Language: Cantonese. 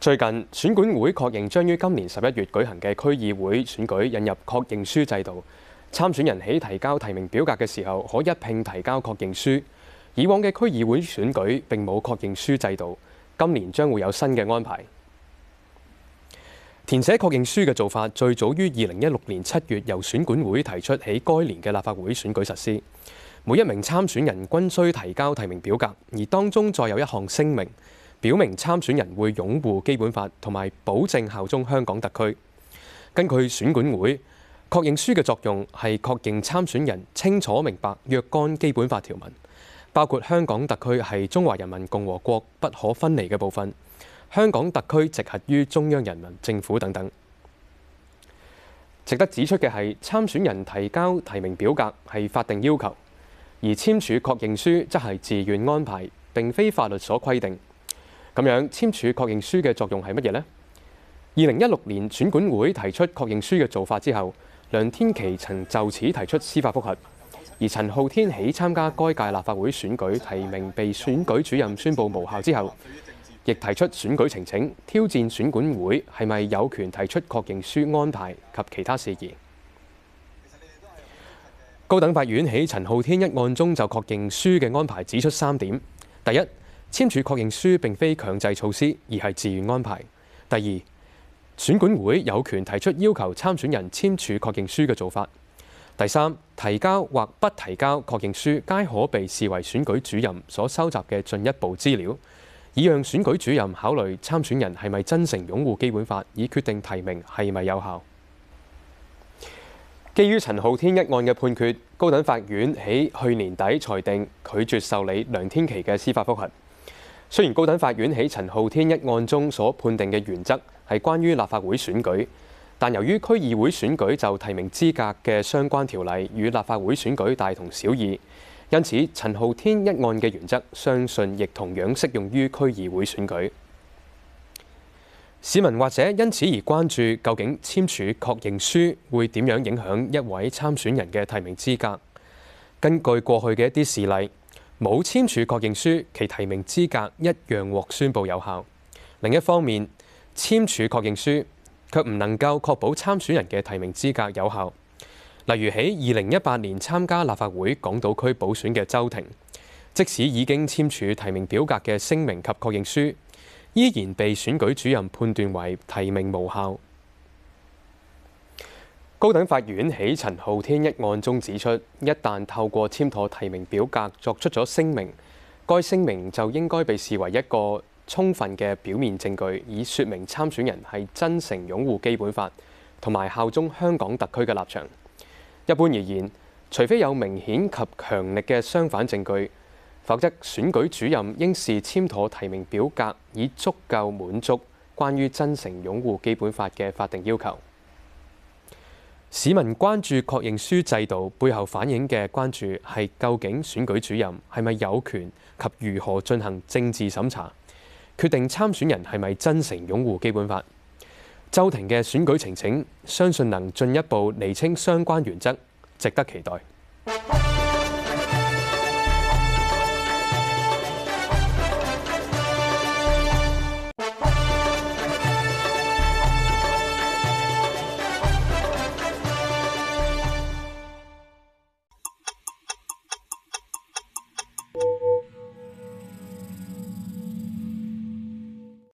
最近，選管會確認將於今年十一月舉行嘅區議會選舉引入確認書制度，參選人喺提交提名表格嘅時候可一並提交確認書。以往嘅區議會選舉並冇確認書制度，今年將會有新嘅安排。填寫確認書嘅做法最早於二零一六年七月由選管會提出，喺該年嘅立法會選舉實施。每一名參選人均需提交提名表格，而當中再有一項聲明，表明參選人會擁護基本法，同埋保證效忠香港特區。根據選管會，確認書嘅作用係確認參選人清楚明白若干基本法條文，包括香港特區係中華人民共和國不可分離嘅部分，香港特區直轄於中央人民政府等等。值得指出嘅係，參選人提交提名表格係法定要求，而簽署確認書則係自願安排，並非法律所規定。咁樣簽署確認書嘅作用係乜嘢呢？二零一六年選管會提出確認書嘅做法之後，梁天琦曾就此提出司法覆核，而陳浩天喺參加該屆立法會選舉提名被選舉主任宣布無效之後，亦提出選舉呈請挑戰選管會係咪有權提出確認書安排及其他事宜。高等法院喺陳浩天一案中就確認書嘅安排指出三點：第一。簽署確認書並非強制措施，而係自願安排。第二，選管會有權提出要求參選人簽署確認書嘅做法。第三，提交或不提交確認書皆可被視為選舉主任所收集嘅進一步資料，以讓選舉主任考慮參選人係咪真誠擁護基本法，以決定提名係咪有效。基於陳浩天一案嘅判決，高等法院喺去年底裁定拒絕受理梁天琦嘅司法覆核。雖然高等法院喺陳浩天一案中所判定嘅原則係關於立法會選舉，但由於區議會選舉就提名資格嘅相關條例與立法會選舉大同小異，因此陳浩天一案嘅原則相信亦同樣適用於區議會選舉。市民或者因此而關注，究竟簽署確認書會點樣影響一位參選人嘅提名資格？根據過去嘅一啲事例。冇簽署確認書，其提名資格一樣獲宣佈有效。另一方面，簽署確認書卻唔能夠確保參選人嘅提名資格有效。例如喺二零一八年參加立法會港島區補選嘅周庭，即使已經簽署提名表格嘅聲明及確認書，依然被選舉主任判斷為提名無效。高等法院喺陳浩天一案中指出，一旦透過簽妥提名表格作出咗聲明，該聲明就應該被視為一個充分嘅表面證據，以說明參選人係真誠擁護基本法同埋效忠香港特區嘅立場。一般而言，除非有明顯及強力嘅相反證據，否則選舉主任應視簽妥提名表格以足夠滿足關於真誠擁護基本法嘅法定要求。市民關注確認書制度背後反映嘅關注係究竟選舉主任係咪有權及如何進行政治審查，決定參選人係咪真誠擁護基本法。周庭嘅選舉呈請相信能進一步釐清相關原則，值得期待。